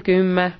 kell kümme